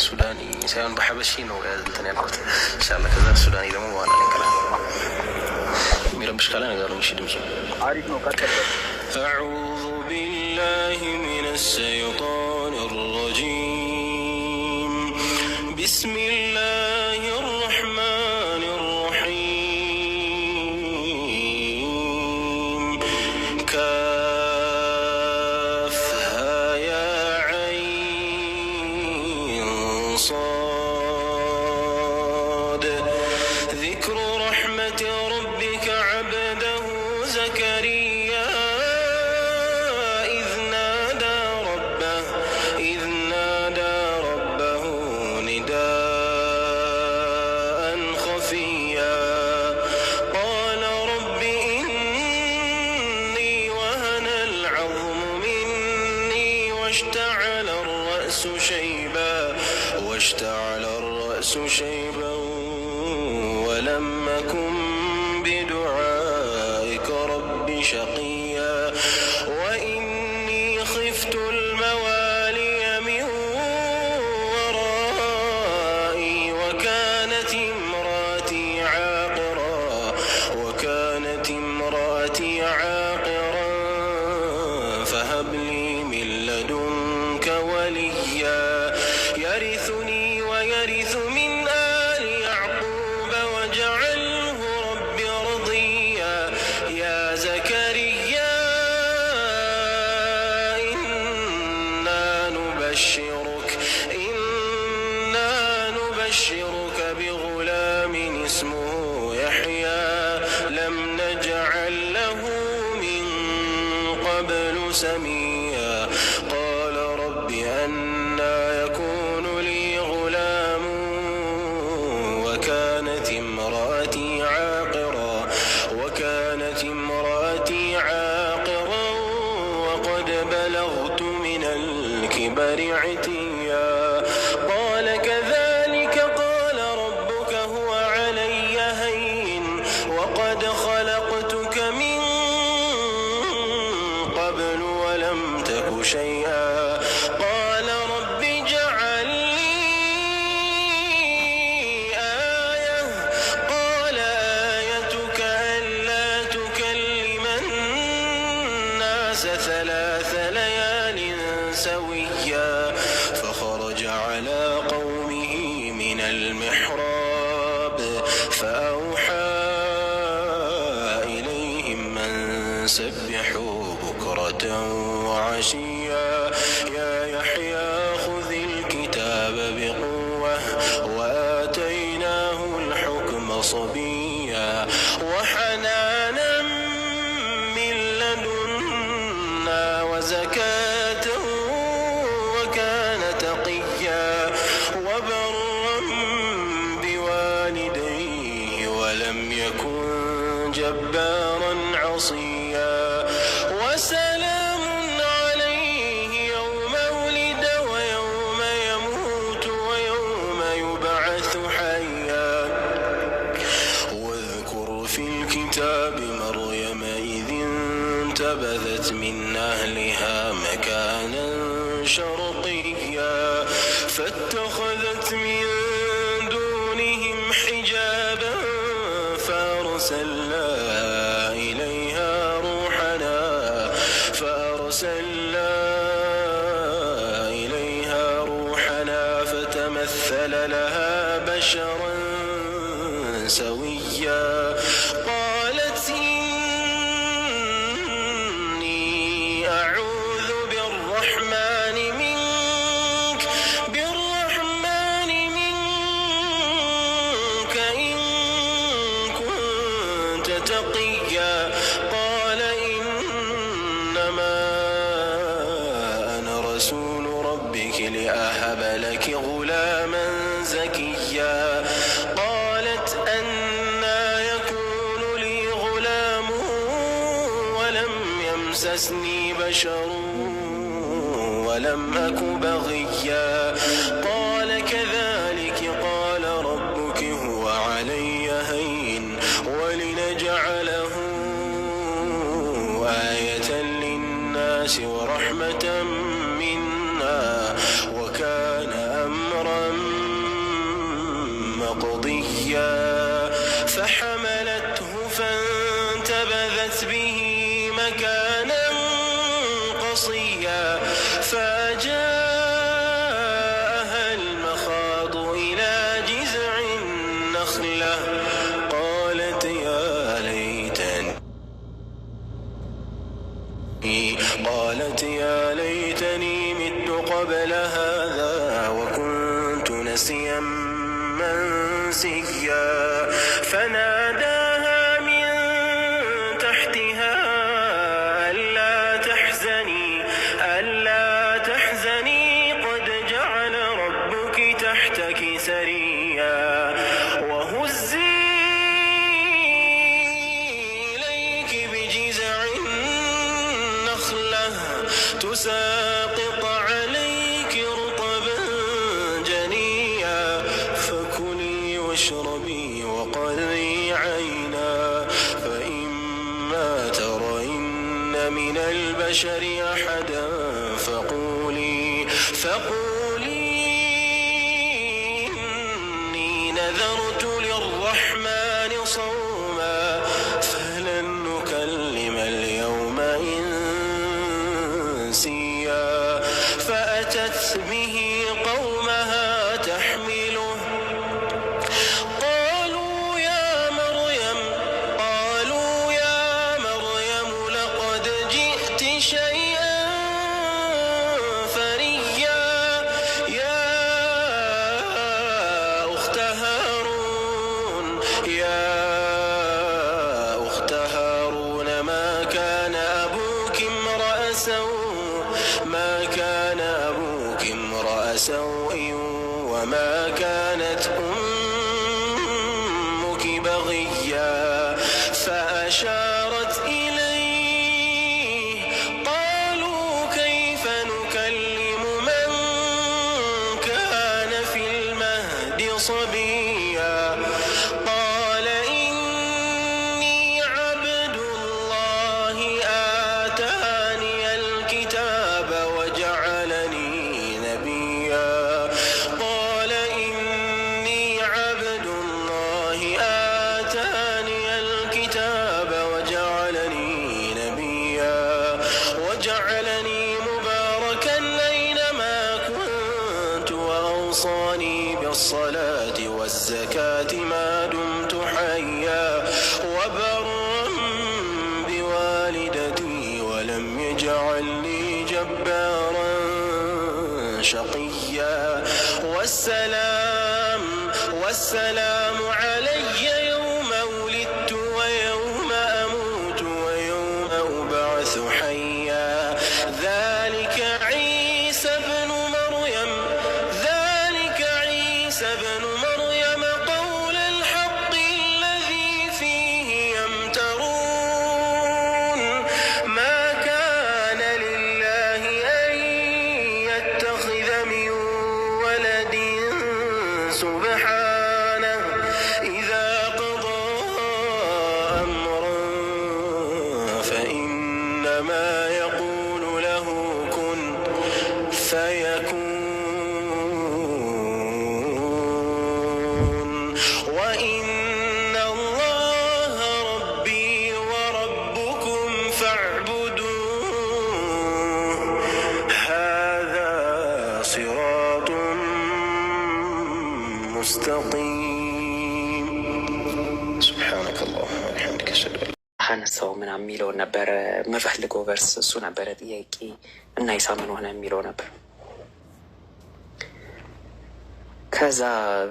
سوداني سيكون بحبشي نو يدلتني أقول إن شاء الله كذا سوداني دمو وانا نكلا ميرا بشكالا نقدر نمشي دمشي أعوذ بالله من الشيطان الرجيم بسم الله سميعا جبار أرسلنا إليه لأهب لك غلاما زكيا قالت أنا يكون لي غلام ولم يمسسني بشر ولم أكن فاحبس به مكانا ಸರಿ me here. أعلني المستقيم سبحانك اللهم አነሳው ምናምን የሚለውን ነበረ የምፈልገው ቨርስ እሱ ነበረ ጥያቄ እና ይሳምን ሆነ የሚለው ነበር። ከዛ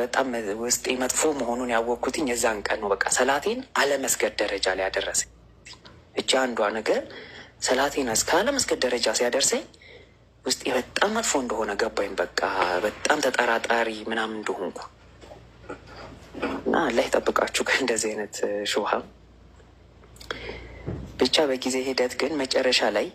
በጣም ውስጤ መጥፎ መሆኑን ያወቅኩትኝ የዛን ቀን ነው። በቃ ሰላቴን አለመስገድ ደረጃ ላይ ያደረሰኝ አንዷ ነገር ሰላቴን እስከ አለመስገድ ደረጃ ሲያደርሰኝ ውስጤ በጣም መጥፎ እንደሆነ ገባኝ። በቃ በጣም ተጠራጣሪ ምናምን እንደሆንኩ እና አላህ ይጠብቃችሁ ከእንደዚህ አይነት ሹብሃ። ብቻ በጊዜ ሂደት ግን መጨረሻ ላይ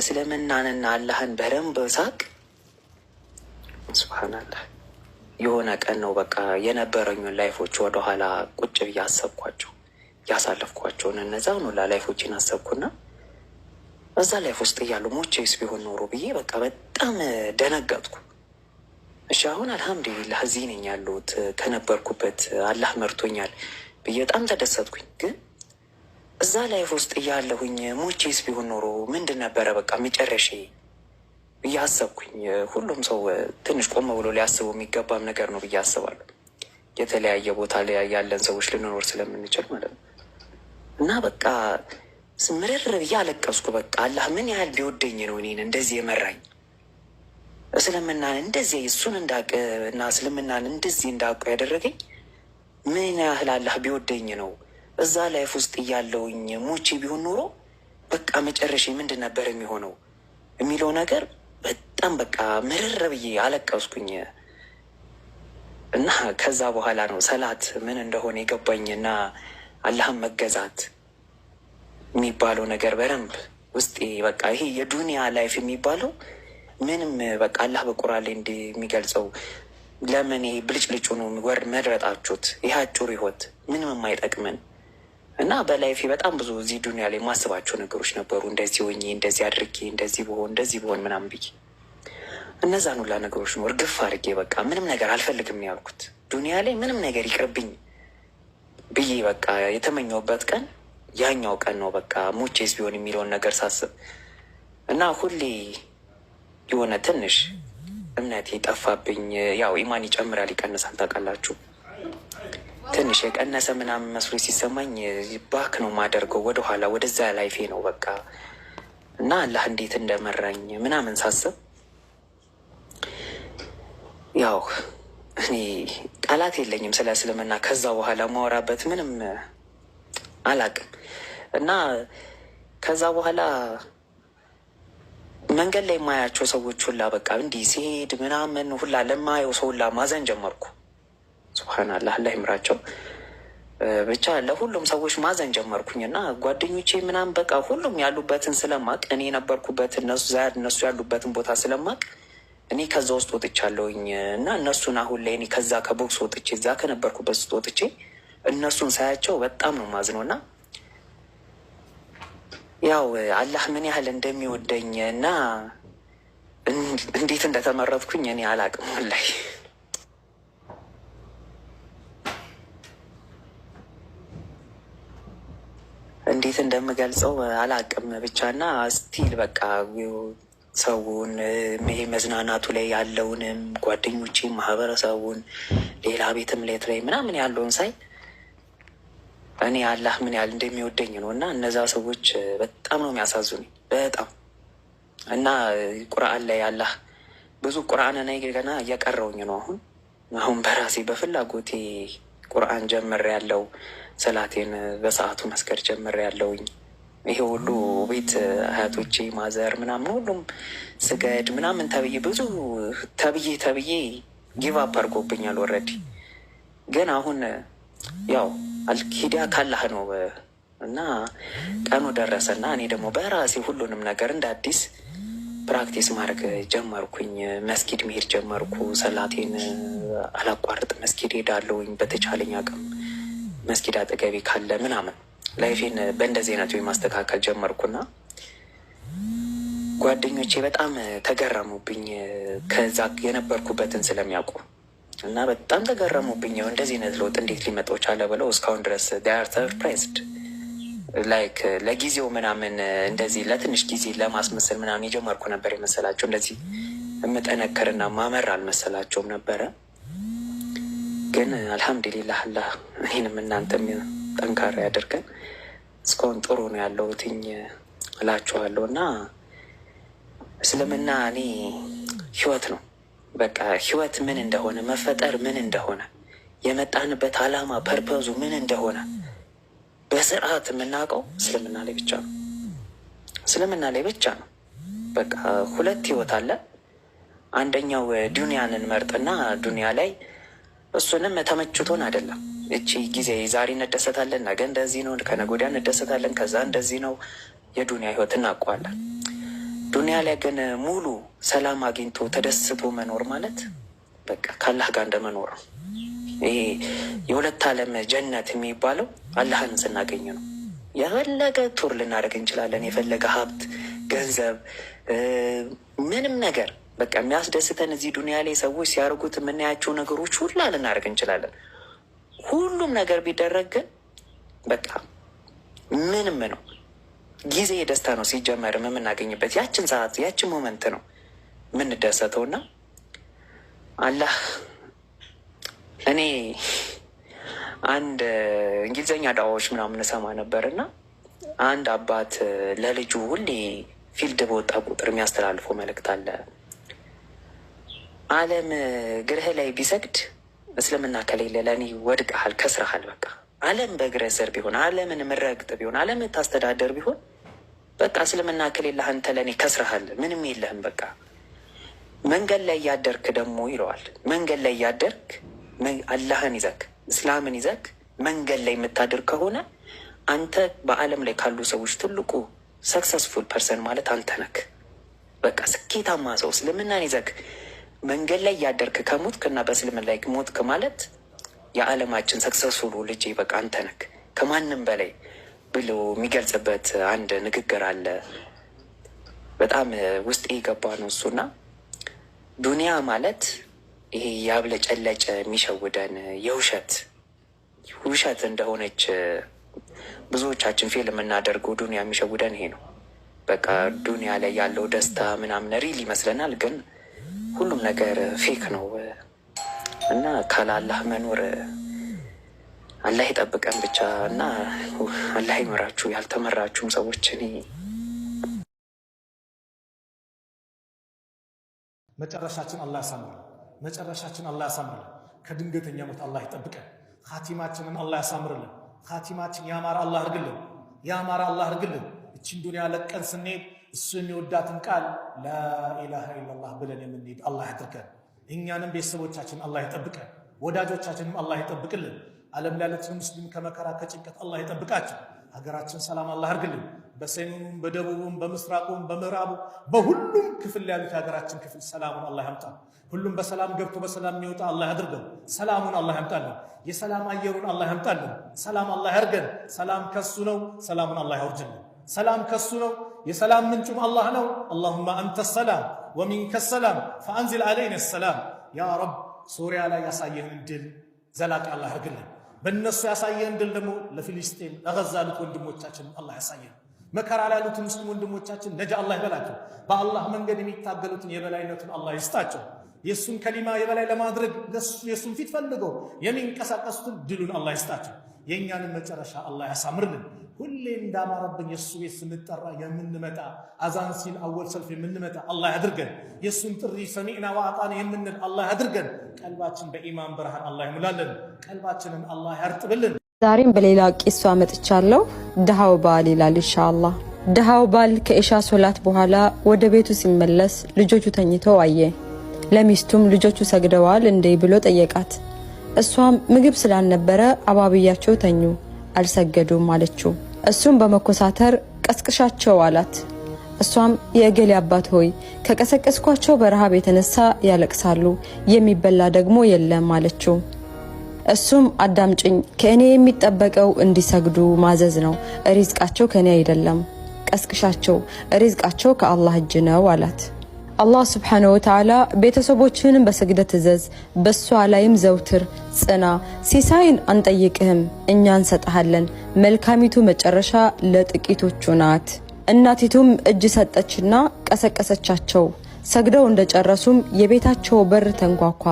እስልምናንና አላህን በደንብ ሳቅ ስብሓናላህ የሆነ ቀን ነው በቃ የነበረኙን ላይፎች ወደኋላ ቁጭ ብዬ አሰብኳቸው። ያሳለፍኳቸውን እነዛ ኑላ ላይፎችን አሰብኩና እዛ ላይፍ ውስጥ እያሉ ሞቼስ ቢሆን ኖሮ ብዬ በቃ በጣም ደነገጥኩ። እሺ አሁን አልሐምዱሊላህ እዚህ ነኝ ያለሁት ከነበርኩበት አላህ መርቶኛል ብዬ በጣም ተደሰትኩኝ። ግን እዛ ላይፍ ውስጥ እያለሁኝ ሞቼስ ቢሆን ኖሮ ምንድን ነበረ በቃ መጨረሻ ብዬ አሰብኩኝ። ሁሉም ሰው ትንሽ ቆመ ብሎ ሊያስቡ የሚገባም ነገር ነው ብዬ አስባለሁ። የተለያየ ቦታ ላይ ያለን ሰዎች ልንኖር ስለምንችል ማለት ነው እና በቃ ምርር ብዬ አለቀስኩ። በቃ አላህ ምን ያህል ቢወደኝ ነው እኔን እንደዚህ የመራኝ እስልምናን እንደዚህ እሱን እና እስልምናን እንደዚህ እንዳቀ ያደረገኝ ምን ያህል አላህ ቢወደኝ ነው። እዛ ላይፍ ውስጥ እያለውኝ ሞቼ ቢሆን ኖሮ በቃ መጨረሻ ምንድን ነበር የሚሆነው የሚለው ነገር በጣም በቃ ምርር ብዬ አለቀስኩኝ። እና ከዛ በኋላ ነው ሰላት ምን እንደሆነ የገባኝና አላህን መገዛት የሚባለው ነገር በደንብ ውስጤ በቃ ይሄ የዱንያ ላይፍ የሚባለው ምንም በቃ አላህ በቁራሌ ላይ የሚገልጸው ለምን ይሄ ብልጭልጩ ነው ወርድ መድረጣችሁት? ይህ አጭር ህይወት ምንም የማይጠቅምን እና በላይፌ በጣም ብዙ እዚህ ዱኒያ ላይ የማስባቸው ነገሮች ነበሩ። እንደዚህ ሆኜ እንደዚህ አድርጌ እንደዚህ ብሆን እንደዚህ ብሆን ምናምን ብዬ እነዛን ሁላ ነገሮች ነው እርግፍ አድርጌ በቃ ምንም ነገር አልፈልግም ያልኩት ዱኒያ ላይ ምንም ነገር ይቅርብኝ ብዬ በቃ የተመኘውበት ቀን ያኛው ቀን ነው። በቃ ሞቼስ ቢሆን የሚለውን ነገር ሳስብ እና ሁሌ የሆነ ትንሽ እምነት ይጠፋብኝ ያው ኢማን ይጨምራል ይቀንሳል፣ ታውቃላችሁ። ትንሽ የቀነሰ ምናምን መስሎ ሲሰማኝ ባክ ነው ማደርገው ወደኋላ ወደዛ ላይፌ ነው በቃ እና አላህ እንዴት እንደመራኝ ምናምን ሳስብ ያው እኔ ቃላት የለኝም ስለ እስልምና። ከዛ በኋላ ማወራበት ምንም አላቅም እና ከዛ በኋላ መንገድ ላይ የማያቸው ሰዎች ሁላ በቃ እንዲህ ሲሄድ ምናምን ሁላ ለማየው ሰው ሁላ ማዘን ጀመርኩ። ሱብሃናላህ አላህ ይምራቸው። ብቻ ለሁሉም ሰዎች ማዘን ጀመርኩኝና ጓደኞቼ ምናምን በቃ ሁሉም ያሉበትን ስለማቅ እኔ የነበርኩበት እነሱ ዛያድ እነሱ ያሉበትን ቦታ ስለማቅ እኔ ከዛ ውስጥ ወጥቻለሁኝ እና እነሱን አሁን ላይ እኔ ከዛ ከቦክስ ወጥቼ እዛ ከነበርኩበት ውስጥ ወጥቼ እነሱን ሳያቸው በጣም ነው ማዝነው እና ያው አላህ ምን ያህል እንደሚወደኝ እና እንዴት እንደተመረጥኩኝ እኔ አላቅም ላይ እንዴት እንደምገልጸው አላቅም ብቻ እና ስቲል በቃ ሰውን ይሄ መዝናናቱ ላይ ያለውንም ጓደኞቼ፣ ማህበረሰቡን ሌላ ቤትም ሌት ላይ ምናምን ያለውን ሳይ እኔ አላህ ምን ያህል እንደሚወደኝ ነው። እና እነዛ ሰዎች በጣም ነው የሚያሳዝኑኝ። በጣም እና ቁርአን ላይ አላህ ብዙ ቁርአን ናይ ገና እያቀረውኝ ነው። አሁን አሁን በራሴ በፍላጎቴ ቁርአን ጀምር ያለው ሰላቴን በሰዓቱ መስገድ ጀምር ያለውኝ ይሄ ሁሉ ቤት አያቶቼ ማዘር ምናምን ሁሉም ስገድ ምናምን ተብዬ ብዙ ተብዬ ተብዬ ጊቭ አፕ አድርጎብኛል። ወረድ ግን አሁን ያው አልኪዳ ካላህ ነው እና ቀኑ ደረሰ እና እኔ ደግሞ በራሴ ሁሉንም ነገር እንደ አዲስ ፕራክቲስ ማድረግ ጀመርኩኝ። መስጊድ መሄድ ጀመርኩ። ሰላቴን አላቋርጥ መስጊድ ሄዳለውኝ። በተቻለኝ አቅም መስጊድ አጠገቢ ካለ ምናምን ላይፌን በእንደዚህ አይነት ማስተካከል ጀመርኩና ጓደኞቼ በጣም ተገረሙብኝ ከዛ የነበርኩበትን ስለሚያውቁ እና በጣም ተገረሙብኝ። እንደዚህ አይነት ለውጥ እንዴት ሊመጣው ቻለ ብለው እስካሁን ድረስ ር ሰርፕራይዝድ ላይክ ለጊዜው ምናምን እንደዚህ ለትንሽ ጊዜ ለማስመሰል ምናምን የጀመርኩ ነበር የመሰላቸው እንደዚህ የምጠነክርና ማመር አልመሰላቸውም ነበረ። ግን አልሐምዱሊላህ አላህ እኔንም እናንተም ጠንካራ ያደርገን እስካሁን ጥሩ ነው ያለሁትኝ እላችኋለሁ። እና እስልምና እኔ ህይወት ነው በቃ ህይወት ምን እንደሆነ መፈጠር ምን እንደሆነ የመጣንበት አላማ ፐርፐዙ ምን እንደሆነ በስርዓት የምናውቀው እስልምና ላይ ብቻ ነው። እስልምና ላይ ብቻ ነው። በቃ ሁለት ህይወት አለ። አንደኛው ዱንያንን መርጥና ዱንያ ላይ እሱንም ተመችቶን አይደለም። እቺ ጊዜ ዛሬ እንደሰታለን፣ ነገ እንደዚህ ነው፣ ከነገ ወዲያ እንደሰታለን፣ ከዛ እንደዚህ ነው። የዱንያ ህይወት እናውቀዋለን። ዱኒያ ላይ ግን ሙሉ ሰላም አግኝቶ ተደስቶ መኖር ማለት በቃ ከአላህ ጋር እንደመኖር ነው። ይሄ የሁለት ዓለም ጀነት የሚባለው አላህን ስናገኝ ነው። የፈለገ ቱር ልናደርግ እንችላለን። የፈለገ ሀብት፣ ገንዘብ፣ ምንም ነገር በቃ የሚያስደስተን እዚህ ዱኒያ ላይ ሰዎች ሲያደርጉት የምናያቸው ነገሮች ሁላ ልናደርግ እንችላለን። ሁሉም ነገር ቢደረግ ግን በቃ ምንም ነው ጊዜ የደስታ ነው ሲጀመር የምናገኝበት ያችን ሰዓት ያችን ሞመንት ነው የምንደሰተውና አላህ እኔ አንድ እንግሊዝኛ ዳዋዎች ምናምን እሰማ ነበር እና አንድ አባት ለልጁ ሁሌ ፊልድ በወጣ ቁጥር የሚያስተላልፈው መልእክት አለ። ዓለም ግርህ ላይ ቢሰግድ እስልምና ከሌለ ለእኔ ወድቀሃል፣ ከስረሃል። በቃ ዓለም በእግርህ ስር ቢሆን ዓለምን ምረግጥ ቢሆን ዓለም ታስተዳደር ቢሆን በቃ እስልምና ከሌለህ አንተ ለእኔ ከስረሃል፣ ምንም የለህም። በቃ መንገድ ላይ እያደርክ ደግሞ ይለዋል። መንገድ ላይ እያደርክ አላህን ይዘክ እስላምን ይዘክ መንገድ ላይ የምታደርግ ከሆነ አንተ በዓለም ላይ ካሉ ሰዎች ትልቁ ሰክሰስፉል ፐርሰን ማለት አንተ ነክ። በቃ ስኬታማ ሰው እስልምናን ይዘክ መንገድ ላይ እያደርክ ከሞትክ እና በእስልምን ላይ ሞትክ ማለት የዓለማችን ሰክሰስፉል ልጅ በቃ አንተ ነክ ከማንም በላይ ብሎ የሚገልጽበት አንድ ንግግር አለ። በጣም ውስጤ የገባ ነው እሱና ዱንያ ማለት ይሄ ያብለጨለጨ የሚሸውደን የውሸት ውሸት እንደሆነች ብዙዎቻችን ፌል የምናደርገው ዱንያ የሚሸውደን ይሄ ነው። በቃ ዱንያ ላይ ያለው ደስታ ምናምን ሪል ይመስለናል፣ ግን ሁሉም ነገር ፌክ ነው እና ካላላህ መኖር አላህ የጠብቀን ብቻ እና አላህ ይመራችሁ። ያልተመራችሁም ሰዎች እኔ መጨረሻችን አላህ ያሳምረን። መጨረሻችን አላህ ያሳምረን። ከድንገተኛ ሞት አላህ ይጠብቀን። ኻቲማችንን አላህ ያሳምርልን። ኻቲማችን ያማረ አላህ እርግልን። ያማረ አላህ እርግልን። እችን ዱንያ ለቀን ስንሄድ እሱ የሚወዳትን ቃል ላኢላሃ ኢለላህ ብለን የምንሄድ አላህ ያድርገን። እኛንም ቤተሰቦቻችን አላህ ይጠብቀን። ወዳጆቻችንም አላህ ይጠብቅልን። ዓለም ላለችን ሙስሊም ከመከራ ከጭንቀት አላህ ይጠብቃቸው። ሀገራችን ሰላም አላህ አድርግልን። በሰሜኑም በደቡቡም በምስራቁም በምዕራቡ በሁሉም ክፍል ያሉት የሀገራችን ክፍል ሰላሙን አላህ ያምጣል። ሁሉም በሰላም ገብቶ በሰላም የሚወጣ አላህ ያድርገው። ሰላሙን አላህ ያምጣልን። የሰላም አየሩን አላህ ያምጣልን። ሰላም አላህ ያርገን ሰላም ከሱ ነው። ሰላሙን አላህ ያውርድልን። ሰላም ከሱ ነው። የሰላም ምንጩም አላህ ነው። አላሁማ አንተ ሰላም ወሚንከ ሰላም ፈአንዚል አለይነ ሰላም። ያ ረብ ሱሪያ ላይ ያሳየህን ድል ዘላቂ አላህ ያድርግልን። በእነሱ ያሳየን ድል ደግሞ ለፊልስጤን ለገዛ ያሉት ወንድሞቻችን አላህ ያሳየን። መከራ ላይ ያሉት ሙስሊም ወንድሞቻችን ነጃ አላህ ይበላቸው። በአላህ መንገድ የሚታገሉትን የበላይነቱን አላህ ይስጣቸው። የእሱን ከሊማ የበላይ ለማድረግ የእሱን ፊት ፈልገው የሚንቀሳቀሱትን ድሉን አላህ ይስጣቸው። የእኛንም መጨረሻ አላህ ያሳምርልን። ሁሌ እንዳማረብን የእሱ ቤት ስንጠራ የምንመጣ አዛን ሲል አወል ሰልፍ የምንመጣ አላህ ያድርገን። የእሱን ጥሪ ሰሚዕና ወአጣና የምንል አላህ ያድርገን። ቀልባችን በኢማን ብርሃን አላህ ይሙላልን። ቀልባችንን አላህ ያርጥብልን። ዛሬም በሌላ ቂሱ አመጥቻለሁ። ድሃው ባል ይላል። ኢንሻአላህ ድሃው ባል ከኢሻ ሶላት በኋላ ወደ ቤቱ ሲመለስ ልጆቹ ተኝተው አየ። ለሚስቱም ልጆቹ ሰግደዋል እንዴ ብሎ ጠየቃት። እሷም ምግብ ስላልነበረ አባብያቸው ተኙ፣ አልሰገዱም አለችው። እሱም በመኮሳተር ቀስቅሻቸው አላት። እሷም የእገሌ አባት ሆይ ከቀሰቀስኳቸው በረሃብ የተነሳ ያለቅሳሉ፣ የሚበላ ደግሞ የለም አለችው። እሱም አዳምጭኝ፣ ከእኔ የሚጠበቀው እንዲሰግዱ ማዘዝ ነው። ሪዝቃቸው ከእኔ አይደለም፣ ቀስቅሻቸው፣ ሪዝቃቸው ከአላህ እጅ ነው አላት። አላህ ስብሓነ ወተዓላ ቤተሰቦችህንም በስግደት እዘዝ፣ በእሷ ላይም ዘውትር ጽና። ሲሳይን አንጠይቅህም እኛ እንሰጠሃለን። መልካሚቱ መጨረሻ ለጥቂቶቹ ናት። እናቲቱም እጅ ሰጠችና ቀሰቀሰቻቸው። ሰግደው እንደጨረሱም የቤታቸው በር ተንኳኳ።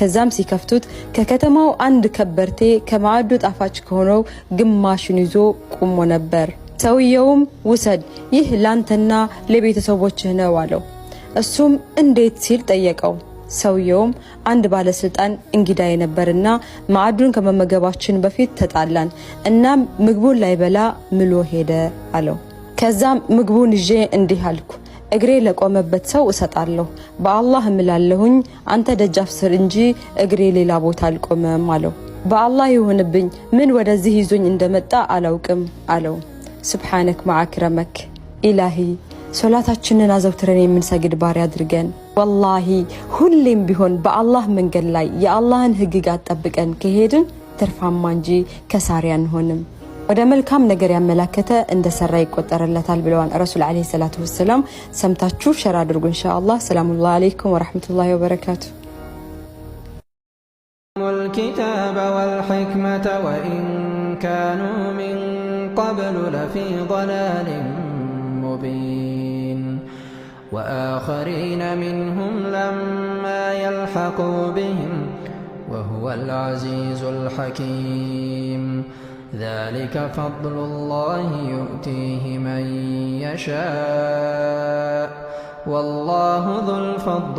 ከዛም ሲከፍቱት ከከተማው አንድ ከበርቴ ከማዕዱ ጣፋጭ ከሆነው ግማሹን ይዞ ቆሞ ነበር። ሰውየውም ውሰድ፣ ይህ ላንተና ለቤተሰቦችህ ነው አለው። እሱም እንዴት ሲል ጠየቀው። ሰውየውም አንድ ባለስልጣን እንግዳ የነበርና ማዕዱን ከመመገባችን በፊት ተጣላን፣ እናም ምግቡን ላይበላ ምሎ ሄደ አለው። ከዛም ምግቡን ይዤ እንዲህ አልኩ፣ እግሬ ለቆመበት ሰው እሰጣለሁ። በአላህ እምላለሁኝ አንተ ደጃፍ ስር እንጂ እግሬ ሌላ ቦታ አልቆመም አለው። በአላህ ይሁንብኝ፣ ምን ወደዚህ ይዞኝ እንደመጣ አላውቅም አለው። ስብሓነክ ማዕክረመክ ኢላሂ ሶላታችንን አዘውትረን የምንሰግድ ባሪ አድርገን። ወላሂ ሁሌም ቢሆን በአላህ መንገድ ላይ የአላህን ህግጋት ጠብቀን ከሄድን ትርፋማ እንጂ ከሳሪ አንሆንም። ወደ መልካም ነገር ያመላከተ እንደ ሰራ ይቆጠርለታል ብለዋል ረሱል ዓለይሂ ሰላቱ ወሰላም። ሰምታችሁ ሸር አድርጉ ኢንሻአላህ። ሰላሙ አለይኩም ወረሕመቱላሂ ወበረካቱ። الكتاب والحكمة وإن كانوا من قبل لفي ضلال مبين وآخرين منهم لما يلحقوا بهم وهو العزيز الحكيم ذلك فضل الله يؤتيه من يشاء والله ذو الفضل